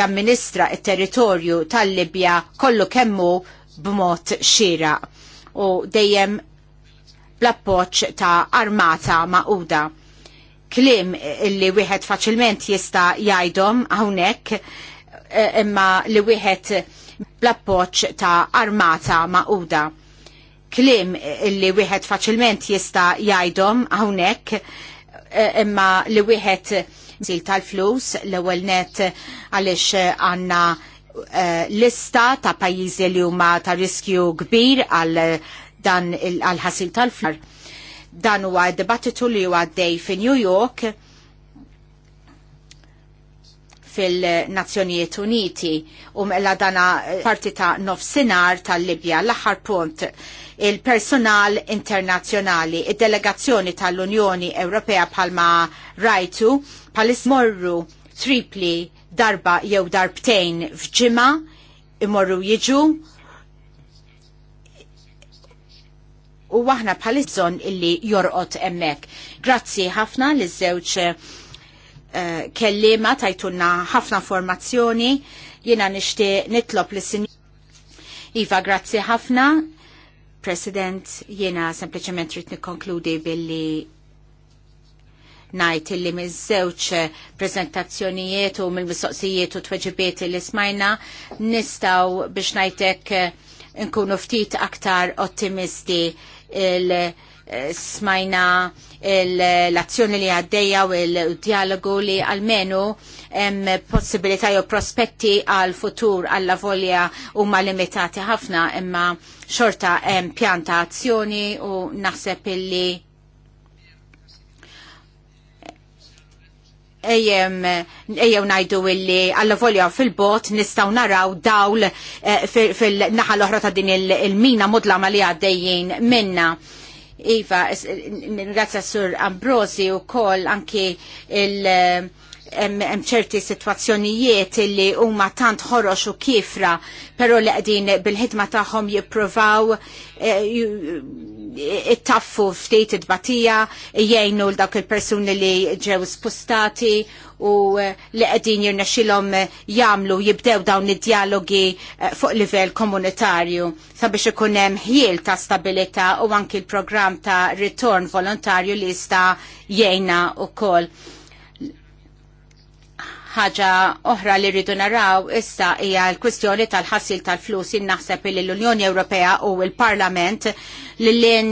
jamministra it-territorju tal-Libja kollu kemmu b'mod xira u dejjem bl-appoċ ta' armata maquda. Klim li wieħed faċilment jista' jgħidhom hawnhekk e, imma li wieħed bl-appoċ ta' armata maquda. Klim li wieħed faċilment jista' jgħidhom hawnhekk e, imma li wieħed sil tal-flus l-ewwel net għaliex għandna e, lista ta' pajjiżi li huma ta' riskju kbir għal dan għal-ħasil tal-flar. Dan huwa dibattitu li huwa dej fi New York fil-Nazzjonijiet Uniti u um mela dana parti ta' nofsinar tal-Libja l-aħħar punt il-personal internazzjonali, id-delegazzjoni il personal internazzjonali id delegazzjoni tal unjoni Ewropea palma rajtu pal-ismorru tripli darba jew darbtejn fġima imorru jiġu u waħna bħalizzon illi jorqot emmek. Grazzi ħafna li żewġ eh, kellima tajtunna ħafna formazzjoni jina nishti nitlob li sin Iva, grazzi ħafna. President, jena sempliciment rrit nikkonkludi billi najt illi miż-żewġ eh, prezentazzjonijiet u mill-mistoqsijiet u tweġibiet li smajna nistaw biex najtek uh, eh, nkunu ftit aktar ottimisti il- eh, smajna l-azzjoni li għaddeja u l-dialogu li għalmenu possibilità jew prospetti għal futur għalla volja huma limitati ħafna imma xorta pjanta azzjoni u naħseb illi ejjem ejjew najdu illi għalla volja fil-bot nistaw naraw dawl eh, fil-naħa l-oħra ta' din il-mina modlama li għaddejjien minna. Iva, ringrazzja sur Ambrosi u kol anki il- ċerti situazzjonijiet li huma tant ħorox u kifra, però li qegħdin bil-ħidma tagħhom jippruvaw eh, taffu ftit id-batija, jgħinu l-dawk il-persuni li ġew spustati u eh, li qegħdin jirnexilhom eh, jagħmlu jibdew dawn id-dialogi eh, fuq livell komunitarju sabiex ikun hemm ħiel ta' stabilità u anki l-programm ta' ritorn volontarju li jista' jgħinna wkoll ħaġa oħra li rridu naraw issa hija l-kwistjoni tal-ħassil tal-flus naħseb li l-Unjoni Ewropea u l-Parlament li l-in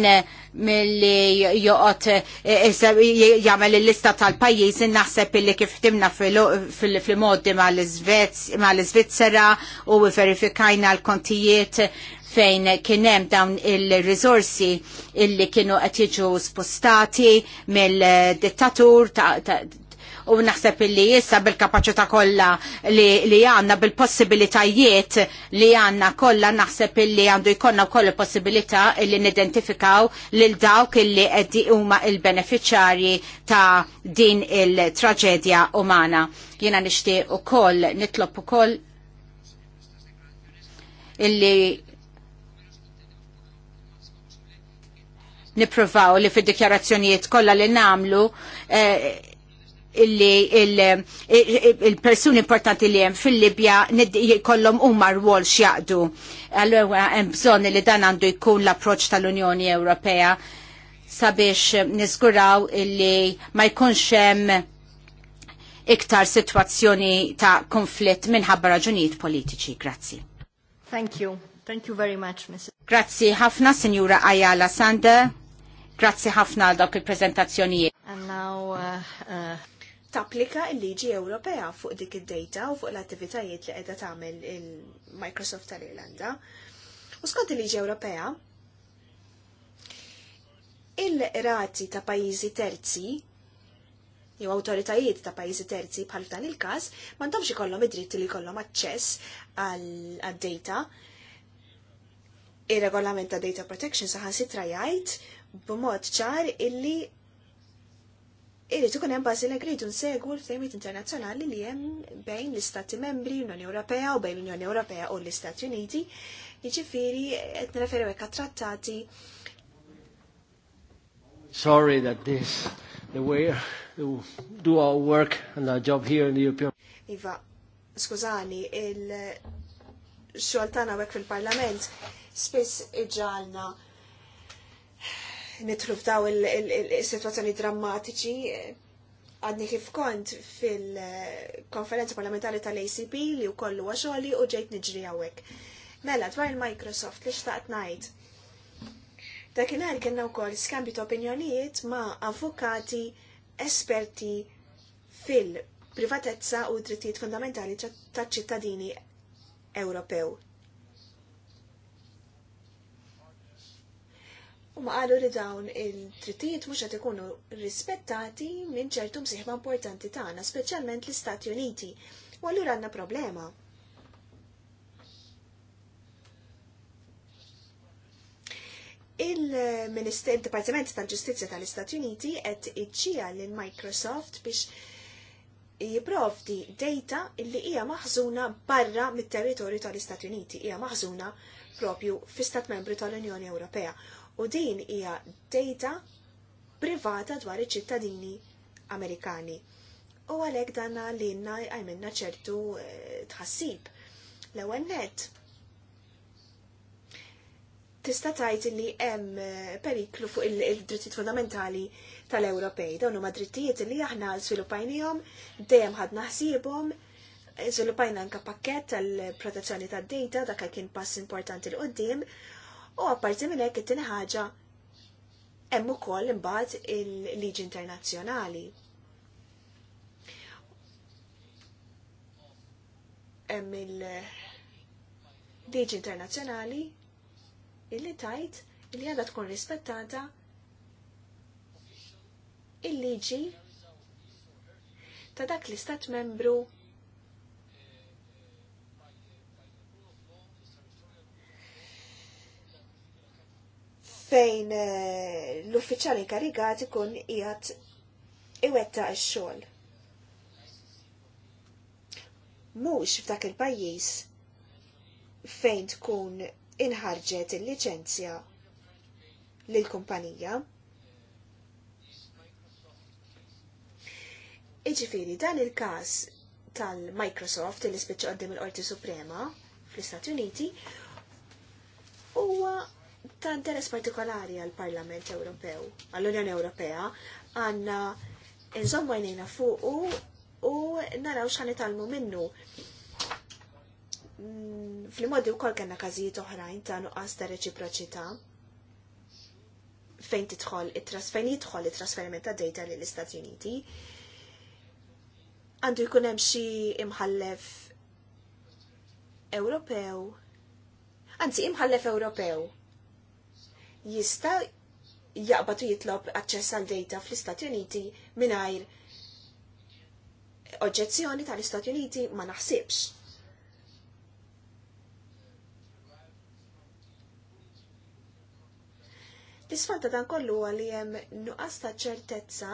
mill-li joqot eh, eh, jagħmel l lista tal-pajjiż naħseb li kif timna fil-modi mal svizzera u verifikajna l-kontijiet fejn kien hemm dawn il-rizorsi illi kienu qed jiġu spostati mill-dittatur u naħseb illi issa bil-kapaċità kollha li għandna bil-possibilitajiet li għandna kollha naħseb illi għandu jkollna wkoll il-possibilità illi nidentifikaw lil dawk illi qed huma il beneficjari ta' din il-traġedja umana. Jiena nixtieq ukoll nitlob ukoll illi niprofaw li fid dikjarazzjonijiet kollha li namlu eh, illi il-persuni importanti li hemm fil-Libja jkollhom huma rwol x'jaqdu. Allura hemm bżonn li dan għandu jkun l-approċċ tal-Unjoni Ewropea sabiex niżguraw illi ma jkunx hemm iktar situazzjoni ta' konflitt minħabba raġunijiet politiċi. Grazzi. Thank you. Thank you very much, Mrs. Grazzi ħafna, Signora Ayala Sander. Grazzi ħafna għal dak il-prezentazzjonijiet. And now, uh, uh tapplika l-liġi Ewropea fuq dik id-data u fuq l-attivitajiet li qiegħda tagħmel il-Microsoft tal-Irlanda. U skont il-liġi Ewropea, il-rati ta' pajjiżi terzi jew awtoritajiet ta' pajjiżi terzi bħal f'dan il-każ m'għandhomx ikollhom id-dritt li jkollhom aċċess għad-data. Ir-regolament ta' Data Protection saħan jgħid b'mod ċar illi Irrid ikun hemm bażi li rridu nsegwu l-ftehimiet internazzjonali li hemm bejn l-Istati Membri, l-Unjoni Ewropea u bejn l-Unjoni Ewropea u l-Istati Uniti. Jiġifieri qed nirreferu hekk trattati Sorry that this the way to do our work and our job here in the European Iva, skużani, il xogħol tagħna hekk fil-Parlament spiss iġalna nitlu f'daw il-situazzjoni drammatiċi għadni kif kont fil-konferenza parlamentari tal-ACP li u kollu għaxoli u ġejt nġri għawek. Mela, dwar il-Microsoft li xtaqt najt. Dakinar kena u koll skambju ta' opinjonijiet ma' avukati esperti fil-privatezza u drittijiet fundamentali ta' ċittadini Ewropew. U ma qalu li dawn il trittijiet mhux qed ikunu rispettati minn ċertu msiħba importanti tagħna, speċjalment l-Istati Uniti. U allura għandna problema. Il-Dipartiment tal-Ġustizzja tal-Istati Uniti qed iċċija lil Microsoft biex jiprovdi data li hija maħżuna barra mit-territorju tal-Istati Uniti, hija maħżuna propju fi stat membri tal-Unjoni Ewropea u din hija data privata dwar iċ-ċittadini Amerikani. U għalhekk danna li għajminna ċertu eh, tħassib. L-ewwel net tista' tgħid li hemm eh, periklu fuq il-drittijiet fundamentali tal-Ewropej. Dawn huma drittijiet li aħna żviluppajnihom dejjem ħadna ħsiebhom eh, żviluppajna anke pakkett tal-protezzjoni tad-data dak kien pass importanti l qudiem U apparti minn hekk it-tieni ħaġa hemm ukoll imbagħad il-liġi internazzjonali. Hemm il-liġi internazzjonali illi tajt illi għadha tkun rispettata il-liġi ta' dak l-istat membru fejn eh, l-uffiċjali karigat ikun qiegħed iwetta x-xogħol. Mhux f'dak il-pajjiż fejn tkun inħarġet il-liċenzja lill-kumpanija. Iġifiri, dan il-każ tal-Microsoft li spiċċa qoddim il-Qorti Suprema fl-Istati Uniti huwa ta' interess partikolari għal-Parlament Ewropew, għall-Unjoni Ewropea, għanna nżommu għajnejna fuq u, naraw xan italmu minnu. Mm, fl-modi u kol kena kazijiet oħrajn ta' nuqqas ta' reċiproċità fejn titħol it-trasfer jidħol it-trasferiment ta' data lill istati Uniti. Għandu jkun hemm xi imħallef Ewropew. Anzi, imħallef Ewropew jista' jaqbad u jitlob aċċess għal data fl-Istati Uniti mingħajr oġġezzjoni tal-Istati Uniti ma naħsibx. L-isfanta dan kollu għalli jem nuqasta ta' ċertezza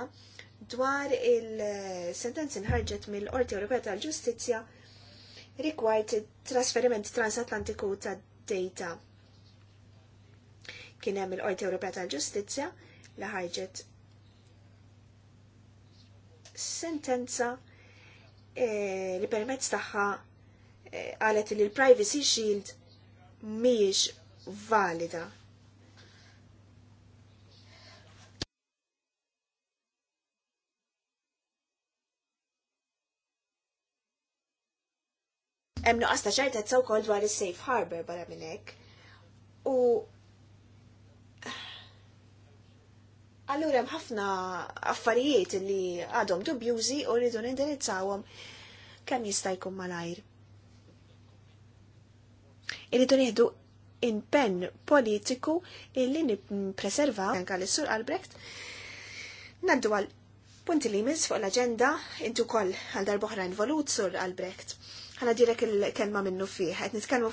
dwar il-sentenzi nħarġet mill-Qorti Ewropea tal-Ġustizzja rigward trasferiment transatlantiku ta' data kien hemm il-Qorti Ewropea tal-Ġustizzja li ħarġet sentenza eh, li permezz tagħha eh, qalet li l-Privacy Shield mhijiex valida Hemm nuqqas ta' ċertezza wkoll dwar is-safe harbor barra minn hekk. U Allura hemm ħafna affarijiet li għadhom dubjużi u rridu nindirizzawhom kemm jista' jkun malajr. Irridu nieħdu impenn politiku illi nippreservaw anke l sur Albrecht naddu għal punti li jmiss fuq l aġenda intu koll għal oħra involut sur Albrecht. Ħana direk il-kelma minnu fih, qed nitkellmu